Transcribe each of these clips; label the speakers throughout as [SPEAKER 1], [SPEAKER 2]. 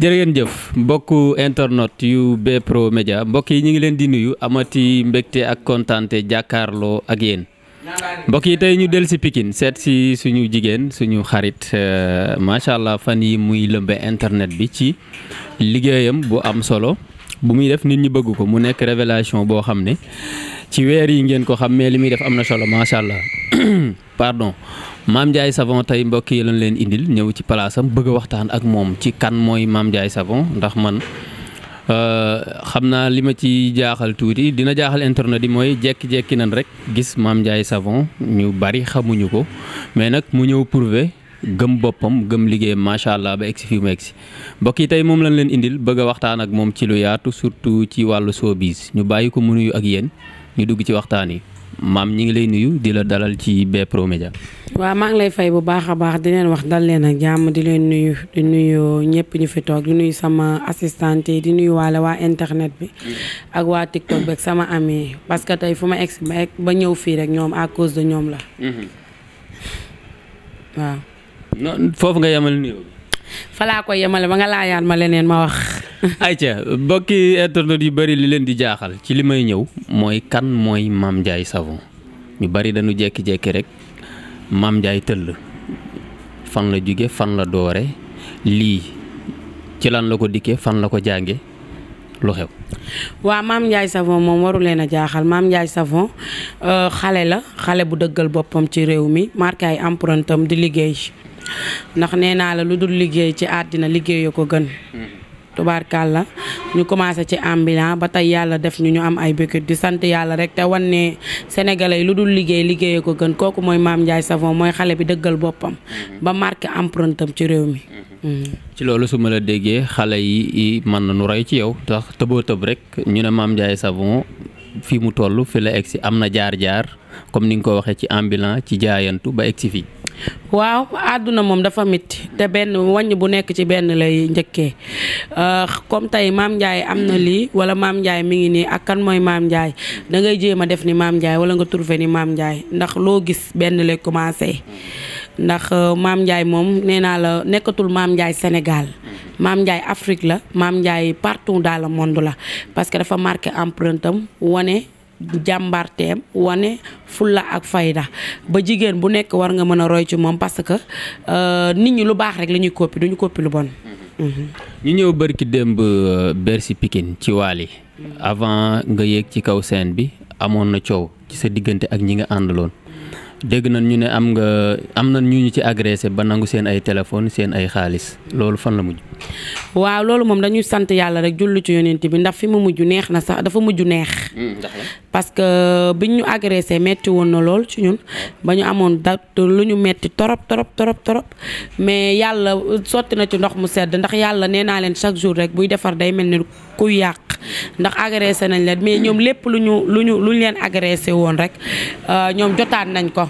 [SPEAKER 1] jër ngeen jëf mbokku internet yu Bprod Media mbokk yi ñu ngi leen di nuyu amati mbégte ak kontaante jàkkaarloo ak yéen mbokk yi tey ñu del si Pikine seet si suñu jigéen suñu xarit euh, macha allah fan yi muy lëmbe internet bi ci liggéeyam bu am solo bu muy def nit ñi bëgg ko mu nekk révélation boo xam ne ci weer yi ngeen ko xam mais li muy def am na solo macha allah pardon Mame Ndiaye Savon tey mbokk yi lañ leen indil ñëw ci palaasam bëgg waxtaan ak moom ci kan mooy maam Ndiaye Savon ndax man euh, xam naa li ma ci jaaxal tuuti dina jaaxal internet yi mooy jekki-jekki nan rek gis Mame Ndiaye Savon ñu bari xamuñu ko mais nag mu ñëw prouver gëm boppam gëm liggéeyam macha allah ba egsi fii mu egsi mbokk yi tey moom lañ leen indil bëgg a waxtaan ak moom ci lu yaatu surtout ci wàllu showbiz ñu bàyyi ko mu nuyu ak yéen ñu dugg ci waxtaan yi. maam ñi ngi lay nuyu di la dalal ci Bprod Media.
[SPEAKER 2] waaw maa ngi lay fay bu baax a baax di leen wax dal leen ak jàmm di leen nuyu di nuyu ñëpp ñu fi toog di nuyu sama assistante yi di nuyu waale waa internet bi ak waa TikTok bi ak sama ami parce que tey fu ma egg ba ñëw fii rek ñoom à cause de ñoom la.
[SPEAKER 1] Mhm. waaw.
[SPEAKER 2] falaa ko yemale ba nga laajaan ma leneen ma wax.
[SPEAKER 1] ayca bokki internet yu bari li leen di jaaxal ci li may ñëw mooy kan mooy maam njaay Savon ñu bari dañu jékki-jékki rek maam njaay tëll fan la jóge fan la doore lii ci lan la ko dikkee fan la ko jànge lu xew.
[SPEAKER 2] waaw Mame Ndiaye Savon moom waru leen a jaaxal maam Ndiaye Savon euh, xale la xale bu dëggal boppam ci réew mi marqué ay empreinte am di liggéey. ndax nee naa la lu dul liggéey ci àddina liggéeyoo ko gën. tubaarkàlla ñu commencé ci ambulant ba tey yàlla def ñu ñu am ay béykat di sant yàlla rek te wan ne sénégalais yi lu dul liggéey liggéeyee ko gën kooku mooy maam Ndiaye Savon mooy xale bi dëggal boppam. Mm-hmm. ba marqué empreinte ci réew mi.
[SPEAKER 1] Mm-hmm. Mm-hmm. ci loolu su ma la déggee xale yi mën na nu roy ci yow tax tëboo tëb rek ñu ne maam Ndiaye Savon fii mu toll fi la egg si am na jaar jaar comme ni nga ko waxee ci ambulant ci jaayantu si fii.
[SPEAKER 2] waaw àdduna moom dafa métti te benn wàññ bu nekk ci benn lay njëkkee euh, comme tey maam Ndiaye am na lii wala maam Ndiaye mi ngi nii ak kan mooy maam Ndiaye da ngay jéem a def ni maam Ndiaye wala nga trouvé ni maam Ndiaye ndax loo gis benn lay commencé ndax euh, maam Ndiaye moom nee naa la nekkatul maam Ndiaye Sénégal maam Ndiaye Afrique la maam Ndiaye partout dans le monde la parce que dafa marqué empreinte am wane. jàmbarteem wane fulla ak fayda ba jigéen bu nekk war nga mën a roy ci moom parce que euh, nit ñi lu baax rek lañuy ñuy koppi duñu koppi lu bon
[SPEAKER 1] mmh. ñu ñëw bërki démb euh, Bercy Pikine ci Wally mmh. avant nga yéeg ci kaw seen bi amoon na coow ci sa diggante ak ñi nga àndaloon dégg na ñu ne am nga am na ñu ñu ci agressé ba nangu seen ay téléphone seen ay xaalis loolu fan la mujj.
[SPEAKER 2] waaw loolu moom dañuy sant yàlla rek jullu ci yonent bi ndax fi mu mujj neex na sax dafa mujj neex. Hmm, parce que euh, biñ ñu agressé metti woon na lool ci ñun ba ñu amoon da lu ñu metti torop torop torop torop mais yàlla sotti na ci ndox mu sedd ndax yàlla nee naa leen chaque jour rek buy defar day mel ni kuy yàq ndax agressé nañ leen mais ñoom lépp lu ñu lu ñu lu ñu leen agressé woon rek euh, ñoom jotaan nañ ko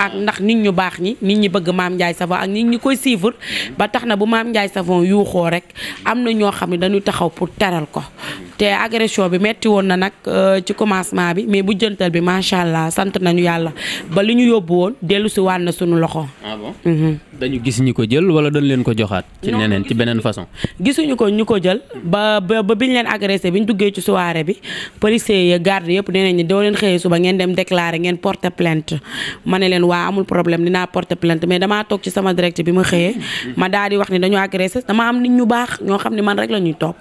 [SPEAKER 2] ak ndax nit ñu baax ñi nit ñi bëgg Mame Ndiaye Savon ak nit ñi koy suivre ba tax na bu Mame Ndiaye Savon yuuxoo rek am na ñoo xam ne dañuy taxaw pour teral ko te agression bi metti woon na nag euh, ci commencement bi mais bu jëntal bi macha allah sant nañu yàlla ba li ñu yóbbu woon dellu si waat na suñu loxo. ah bon
[SPEAKER 1] mhm. dañu gis ñi ko jël wala dañ leen ko joxaat. ci neneen ci beneen façon.
[SPEAKER 2] gisuñu ko ñu ko jël ba ba biñ leen agressé biñ duggee ci soirée bi policier yi garde yëpp nee nañu doo leen xëyee suba ngeen dem déclarer ngeen porter plainte waa amul problème dinaa porter plainte mais damaa toog ci sama direct bi ma xëyee ma daal di wax ni dañoo agressé dama am nit ñu baax ñoo xam ne man rek la ñuy topp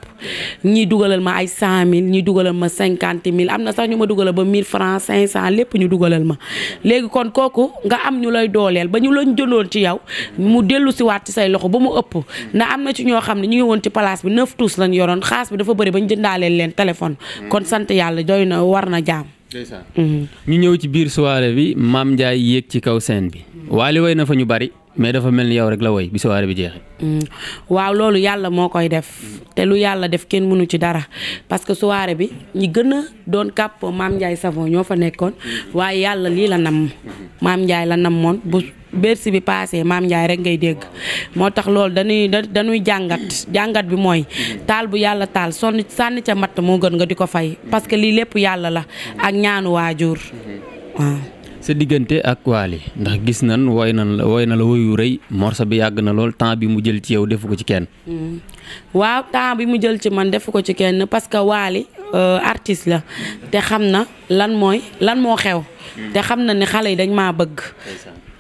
[SPEAKER 2] ñii dugalal ma ay cent mille ñii dugalal ma cinquante mille am na sax ñu ma dugalal ba mille francs cinq cent lépp ñu dugalal ma léegi kon kooku nga am ñu lay dooleel ba ñu lañ jëloon ci yow mu dellu si waat ci say loxo ba mu ëpp ndax am na ci ñoo xam ne ñu ngi woon ci place bi neuf tous lañ yoroon xaas bi dafa bëri ba ñu jëndaaleel leen téléphone kon sant yàlla doy na war na jaam
[SPEAKER 1] Mhm. ñu ñëw ci biir soirée bi maam Ndiaye yéeg ci kaw scène bi Wally woy na fa ñu bari mais dafa mel ni yow rek la woy bi soirée bi jeexee.
[SPEAKER 2] Mm. waaw loolu yàlla moo koy def te lu yàlla def kenn mënu ci dara parce que soirée bi ñi gën doon kàpp maam Ndiaye Savon ñoo fa nekkoon waaye yàlla lii la nam maam Ndiaye la nam moon bu bersi bi paase maam Ndiaye rek ngay dégg moo tax loolu dañuy dañuy jàngat jàngat bi mooy taal bu yàlla taal sonn sànni ca matt moo gën nga di ko fay parce que lii lépp yàlla la ak ñaanu waajur
[SPEAKER 1] mm-hmm. sa diggante ak Waly ndax gis nan woy na la na la woyu rëy morso bi yàgg na lool temps bi mu jël ci yow defu ko ci kenn.
[SPEAKER 2] Mm. waaw temps bi mu jël ci man defu ko ci kenn parce que Waly euh, artiste la te xam na lan mooy lan moo xew. te xam na ni xale yi dañ maa bëgg.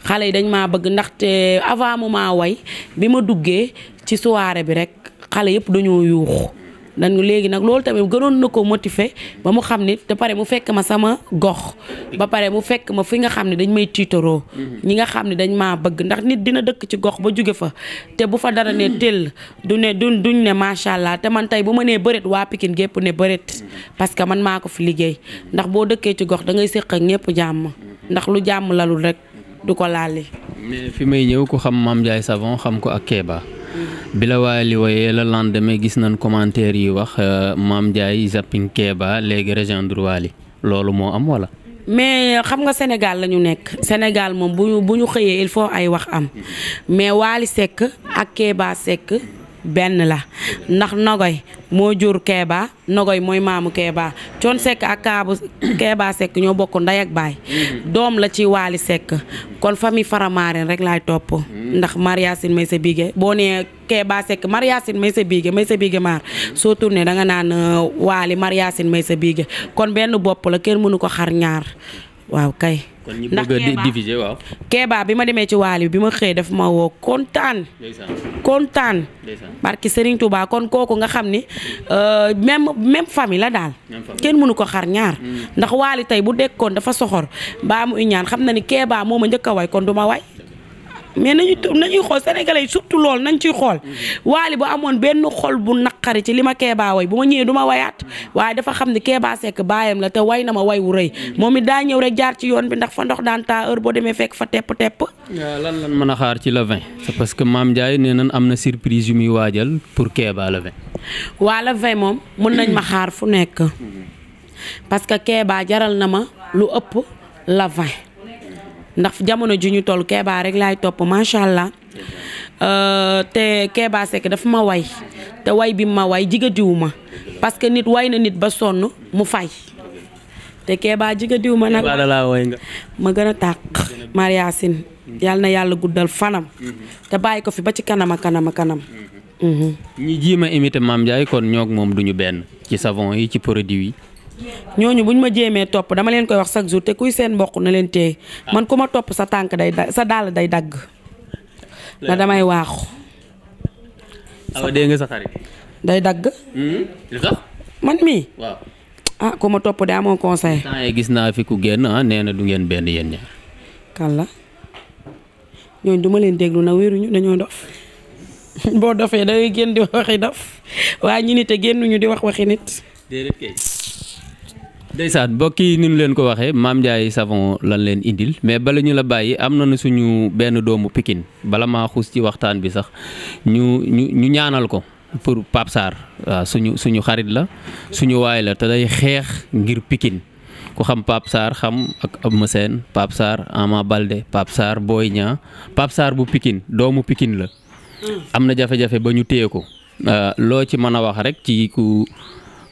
[SPEAKER 2] xale yi dañ maa bëgg ndaxte avant mu maa woy bi ma duggee ci soirée bi rek xale yëpp dañoo yuux dañu léegi nag loolu tamit gënoon na ko motiver ba mu xam ni te pare mu fekk ma sama gox ba pare mu fekk ma fi nga xam ne dañ may tiitaroo mhm. ñi nga xam ne dañ maa bëgg ndax nit dina dëkk ci gox ba jóge fa te bu fa dara ne mhm. tëll du ne duñ ne macha allah te man tey bu ma nee bëreet waa pikin gépp ne bëreet mhm. parce que man maa ko fi liggéey ndax boo dëkkee ci gox da ngay séq ak ñëpp jàmm ndax lu jàmm lalul rek du ko laali
[SPEAKER 1] mais fi may ñëw ko xam maam Ndiaye Savon xam ko ak Kéba bi la waali wooyee la lendemain gis nañ commentaire yi wax euh, Mame Ndiaye zapping Kéba léegi rejoindre Wally loolu moo am wala.
[SPEAKER 2] mais euh, xam nga Sénégal la ñu nekk Sénégal moom bu ñu bu ñu xëyee il faut ay wax am mais Wally Seck ak Kéba Seck benn la ndax Nogoy moo jur Kéba Nogoy mooy maamu Kéba Thione Seck ak Kaabu Kéba sekk ñoo bokk nday ak baay doom la ci Waly sekk kon famille Faramareen rek laay topp ndax Mariasine may sa bige boo nee Kéba sekk Mariasine may sa bige may soo tourné danga naan euh, Waly Mariasine may sa bige kon benn bopp la kenn mënu ko xar ñaar waaw kay
[SPEAKER 1] ndax Kéba
[SPEAKER 2] Kéba bi ma demee ci waal bi ma xëyee daf ma woo kontaan. kontaan. barki Serigne Touba kon kooku nga xam ni euh, même même famille la daal. kenn mënu ko xar ñaar. Mm. ndax waali tey bu dekkoon dafa soxor baa mu ñaan xam na ni keebaa moom ma njëkk a way kon du ma way. mais nañu nañuy xool sénégalais yi surtout loolu nañ ciy xool mm-hmm. waali bu amoon benn xol bu naqari ci li ma keebaa way bu ma ñëwee duma ma wayaat mm-hmm. waaye dafa xam ne keebaa sekk baayam la te way na ma way wu rëy mm-hmm. moom it daa ñëw rek jaar ci yoon bi ndax fa ndox daan taa boo demee fekk fa tepp tepp
[SPEAKER 1] lan lan mën a xaar ci le parce que Mame Ndiaye nee nañ am na surprise yu muy waajal pour keebaa le 20
[SPEAKER 2] waa le moom mën nañ ma xaar fu nekk parce que keebaa jaral na ma lu ëpp le 20 ndax jamono ji ñu toll Kéba rek laay topp macha allah euh, te Kéba Seck dafa ma way te way bi ma way jigadiwu ma parce que nit way na nit ba sonn mu fay te Kéba jigadiwu ma nag ma gën a tàq Mariasine yàlla na yàlla guddal fanam te bàyyi ko fi ba ci kanam kanama kanam a kanam
[SPEAKER 1] ñi jiima imité Mame Ndiaye kon ñoog moom duñu benn ci savon yi ci produit yi ñooñu
[SPEAKER 2] buñ ma jéemee topp dama leen koy wax chaque jour te kuy seen mbokk na leen téye man ku ma topp sa tànk day sa dàll day dagg na damay waaxu nga sa day dagg
[SPEAKER 1] hmm? man mii waaw
[SPEAKER 2] ah ku ma topp de amoon conseil
[SPEAKER 1] gis naa fi ku génn ah du ngeen benn yéen ñaar
[SPEAKER 2] kàlla ñooñu duma leen déglu na wéruñu dañoo dof boo dofee dangay génn di waxi dof waaye ñu nit te génnuñu di wax waxi nit
[SPEAKER 1] ndeysaan mbokk yi ni leen ko waxee Mame Ndiaye Savon lan leen indil mais bala ñu la bàyyi am na suñu benn doomu pikin bala maa xuus ci waxtaan bi sax ñu ñu ñu ñaanal ko pour Pape Sarr suñu suñu xarit la suñu waay la te day xeex ngir pikin ku xam Pape xam ak Eumeu Sène Pape Sarr Ama Baldé Pape Sarr Boy Niang bu Pikine doomu pikin la am na jafe-jafe ba ñu téye ko loo ci mën a wax rek ci ku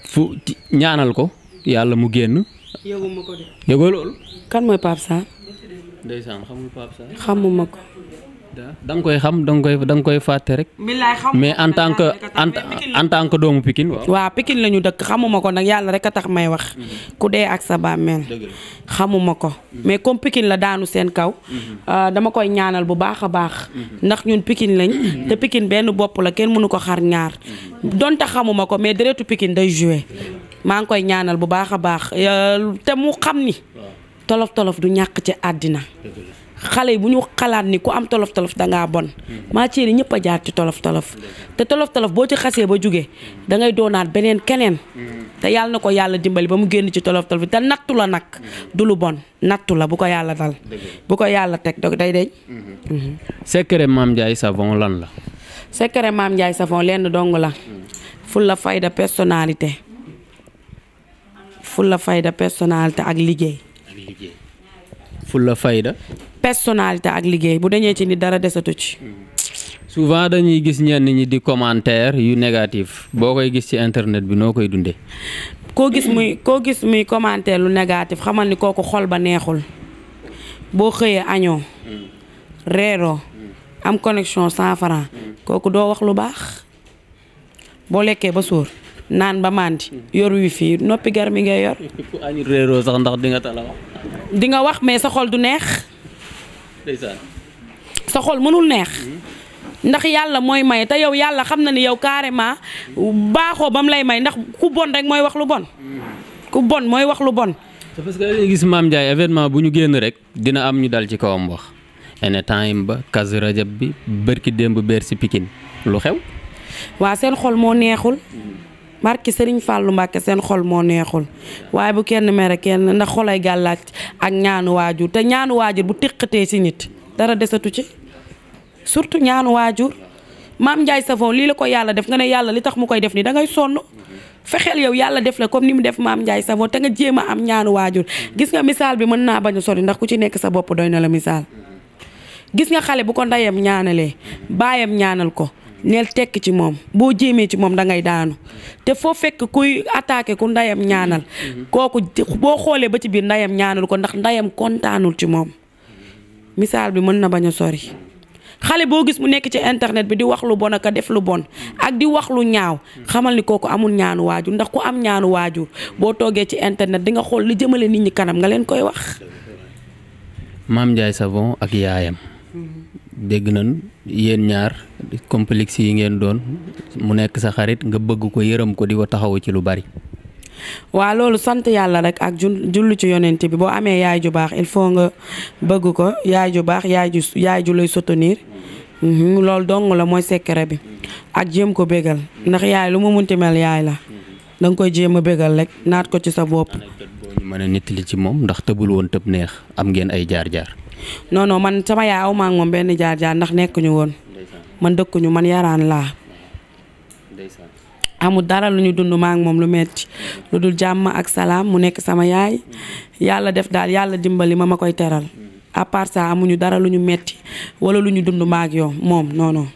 [SPEAKER 1] fu ñaanal ko yàlla mu génn. yëguma ko de. yëgoo loolu. kan mooy Pape Sarr. ndeysaan xamul Pape Sarr. xamuma ko. da nga koy xam da koy da nga koy fàtte rek. mais en tant que en tant que doomu Pikine waa waaw lañu la ñu dëkk xamuma ko nag yàlla rek a tax may wax. Mhm. ku
[SPEAKER 2] dee ak sa bàmmeel. xamuma ko. Mhm. mais comme Pikine la daanu seen kaw. Mhm. Euh, dama koy ñaanal bu baax a baax. ndax ñun Pikine lañ. te Pikine benn bopp la kenn mënu ko xar ñaar. donte xamuma ko mais deretu Pikine day joué. maa ngi koy ñaanal bu baax a baax euh, te mu xam ni. tolof tolof du ñàkk ci àddina. xale yi bu ñu xalaat ni ku am tolof tolof dangaa bon maa ceeri ñëpp a jaar ci tolof tolof te tolof tolof boo ci xasee ba jóge da ngay doonaat beneen keneen te yàlla na ko yàlla dimbali ba mu génn ci tolof tolof te nattu la nag du lu bon nattu la bu ko yàlla dal bu ko yàlla teg dog day day
[SPEAKER 1] mhm. secret Mame Ndiaye Savon lan la
[SPEAKER 2] secret Mame Ndiaye Savon lenn dong la fulla fayda personnalité fulla fayda personnalité ak liggéey. ak liggéey fayda. personnalité ak liggéey bu deñee ci ni dara desatu ci.
[SPEAKER 1] souvent dañuy gis ñenn ñi di commentaire yu négatif boo koy gis ci internet bi noo koy dundee.
[SPEAKER 2] koo gis muy koo gis muy commentaire lu négatif xamal ni kooku xol ba neexul boo xëyee añoo. reeroo am connexion cent francs kooku doo wax lu baax boo lekkee ba sóor. naan ba màndi yor wi fii noppi gar mi ngay yor.
[SPEAKER 1] añu sax ndax di nga tala wax.
[SPEAKER 2] di nga wax mais sa xol du neex. ndeysaan. sa xol mënul neex. ndax yàlla mooy may te yow yàlla xam na ni yow carrément baaxoo ba mu lay may ndax ku bon rek mooy wax lu bon.
[SPEAKER 1] ku bon mooy wax lu bon. c'est que dañuy gis Mame Ndiaye événement bu ñu génn rek dina am ñu dal ci kawam wax. ene time ba kazu rajab bi bërki démb beer si pikin lu xew. waa seen
[SPEAKER 2] xol moo neexul. barki Serigne Fallou Mbacke seen xol moo neexul waaye bu kenn mere kenn ndax xolay gàllaaj ak ñaanu waajur te ñaanu waajur bu tiqatee ci nit dara desatu ci surtout ñaanu waajur maam Ndiaye Savon lii la ko yàlla def nga ne yàlla li tax mu koy def nii dangay ngay sonn fexeel yow yàlla def la comme ni mu def maam Ndiaye Savon te nga jéem a am ñaanu waajur gis nga misaal bi mën naa bañ a sori ndax ku ci nekk sa bopp doy na la misaal gis nga xale bu ko ndeyam ñaanalee baayam ñaanal ko. neel tekk ci moom boo jéemee ci moom da ngay daanu te foo fekk kuy attaqué ku ndayam ñaanal kooku boo xoolee ba ci biir ndayam ñaanal ko ndax ndayam kontaanul ci moom misaal bi mën na bañ a sori xale boo gis mu nekk ci internet bi di wax lu bon ak def lu bon ak di wax lu ñaaw xamal ni kooku amul ñaanu waajur ndax ku am ñaanu waajur boo toogee ci internet di nga xool li jëmale nit ñi kanam nga leen koy wax
[SPEAKER 1] maam Ndiaye Savon ak yaayam mm-hmm. dégg na yéen ñaar complexe yi ngeen doon mu nekk sa xarit nga bëgg ko yërëm ko di ko taxawu ci lu bari.
[SPEAKER 2] waa loolu sant yàlla rek ak jullu ci yonent bi boo amee yaay ju baax il faut nga bëgg ko yaay ju baax yaay ju yaay ju lay soutenir mhm, loolu dong la mooy secret bi ak jéem ko bégal ndax yaay lu ma munti mel yaay la danga koy jéem a bégal rek naat ko ci sa bopp.
[SPEAKER 1] mën a nittali ci moom ndax tëbul woon tëb neex am ngeen ay jaar-jaar.
[SPEAKER 2] noonoo man sama yaay aw maa moom benn jaar-jaar ndax nekkuñu woon man dëkkuñu man yaraan laa amul dara lu ñu dund maak moom lu metti mm-hmm. lu dul jàmm ak salaam mu nekk sama yaay mm-hmm. yàlla def daal yàlla dimbali ma ma koy teral mm-hmm. à part amuñu dara lu ñu metti wala lu ñu dund maag yow moom non non.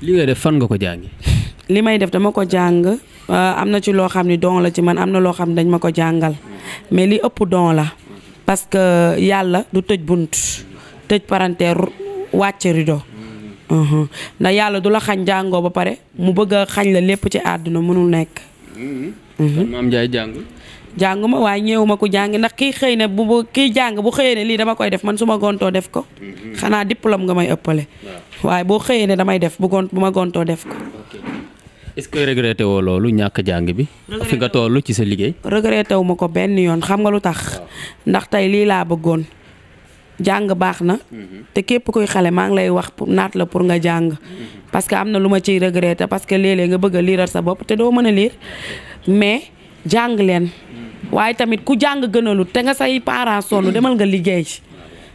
[SPEAKER 1] li ngay def fan nga ko jàngi.
[SPEAKER 2] li may def dama ko jàng euh, am na ci loo xam ne don la ci man am na loo xam ne dañ ma ko jàngal mais li ëpp don la parce que yàlla du tëj bunt tëj paranteer wàcc rido
[SPEAKER 1] uh-huh.
[SPEAKER 2] ndax yàlla du la xañ jàngoo ba pare mu bëgg xañ la lépp ci àdduna mënul nekk.
[SPEAKER 1] Mm-hmm. Uh-huh. maam Ndiaye jàng.
[SPEAKER 2] jàng ma waaye ñeewuma ko jàng ndax kiy xëy ne bu bu kiy jàng bu xëyee ne lii dama koy def man suma gontoo def ko. Mm-hmm. xanaa diplôme nga may ëppale. waaye boo xëyee ne damay def bu ma gontoo def ko.
[SPEAKER 1] est-ce que regretté loolu ñàkk jàng bi. fi nga toolu ci sa liggéey. regretté
[SPEAKER 2] wu ko benn yoon xam nga lu tax. ndax tey lii laa bëggoon. jàng baax na. Mhm. te képp kuy xale maa ngi lay wax naat la pour nga jàng. Mhm. parce que am na lu ma ciy regretté parce que léeg nga bëgg a liiral sa bopp te doo mën a liir mais jàng leen. Mhm. waaye tamit ku jàng gënalu te nga say parents sonn demal nga liggéey.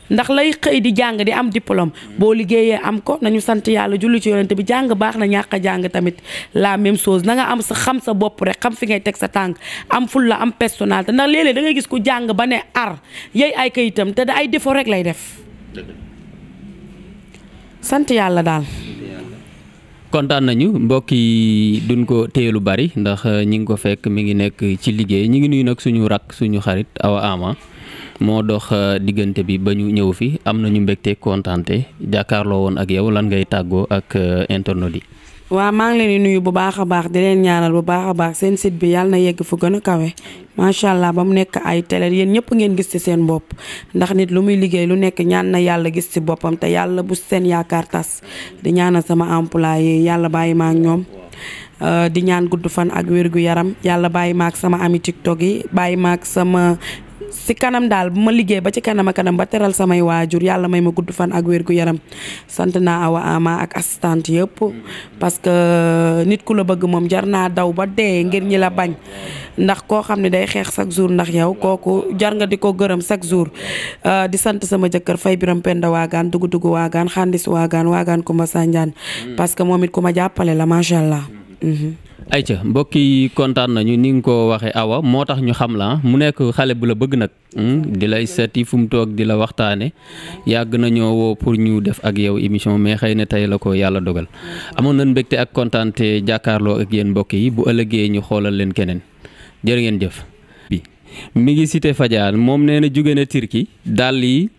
[SPEAKER 2] ndax lay xëy di jàng di am diplôme boo liggéeyee am ko nañu sant yàlla julli ci yonent bi jàng baax na ñàkk a jàng tamit la même chose na nga am sa xam sa bopp rek xam fi ngay teg sa tànk am ful la am personnalité ndax léeg-léeg da ngay gis ku jàng ba ne ar yey ay kayitam te da ay défaut rek lay def sant yàlla daal
[SPEAKER 1] kontaan nañu mbokk yi duñ ko téye bari ndax ñi ngi ko fekk mu ngi nekk ci liggéey ñi ngi nuy nekk suñu rakk suñu xarit Awa Ama moo dox euh, diggante bi ba ñu ñëw fi am na nañu mbégte kontaante jàkkaarloo woon ak yow lan ngay tàggoo ak euh, internautes yi. waa maa ngi nuyu bu
[SPEAKER 2] baax a baax di leen ñaanal bu baax a baax seen sit bi yàlla na yegg fu gën a kawe macha allah ba mu nekk ay télé yéen ñëpp ngeen gis ci seen bopp ndax nit lu muy liggéey lu nekk ñaan na yàlla gis ci boppam te yàlla bu seen yaakaar tas di ñaanal sama yi yàlla bàyyi maak ñoom. Euh, di ñaan gudd fan ak wér gu yaram yàlla bàyyi maak sama ami tiktok yi bàyyi maak sama si kanam daal bu ma liggéey ba ci kanam a kanam ba teral samay waajur yàlla may ma gudd fan ak wér gu yaram sant naa awa ama ak assistante yëpp parce que euh, nit ku la bëgg moom jar naa daw ba dee ngir ñi la bañ ndax koo xam ne day xeex chaque jours ndax yow kooku jar nga di ko gërëm chaque jour euh, di sant sama jëkkër fay biram penda waagaan dugu dugu waagaan xandis waagaan waagaan kumba sanjaan parce que moom it ku ma jàppale la macha allah mm-hmm. mm-hmm.
[SPEAKER 1] ayca mbokk yi kontaan nañu ni nga ko waxee awa moo tax ñu xam la mu nekk xale bu la bëgg nag hmm, di lay seeti fu mu toog di la waxtaane yàgg nañoo woo pour ñu def ak yow émission mais xëy na tey la ko yàlla dogal amoon nañ mbégte ak kontaante jàkkaarloo ak yéen mbokk yi bu ëllëgee ñu xoolal leen keneen jërë ngeen jëf. bi mi ngi cité Fadiane moom nee jóge na Turquie dàll yi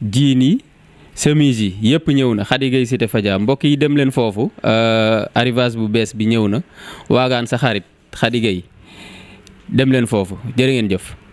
[SPEAKER 1] jiin yi semis yi yëpp ñëw na Khady Gueye cité mbokk yi dem leen foofu euh, arrivage bu bees bi ñëw na waagaan sa xarit Khady Gueye dem leen foofu jërë ngeen jëf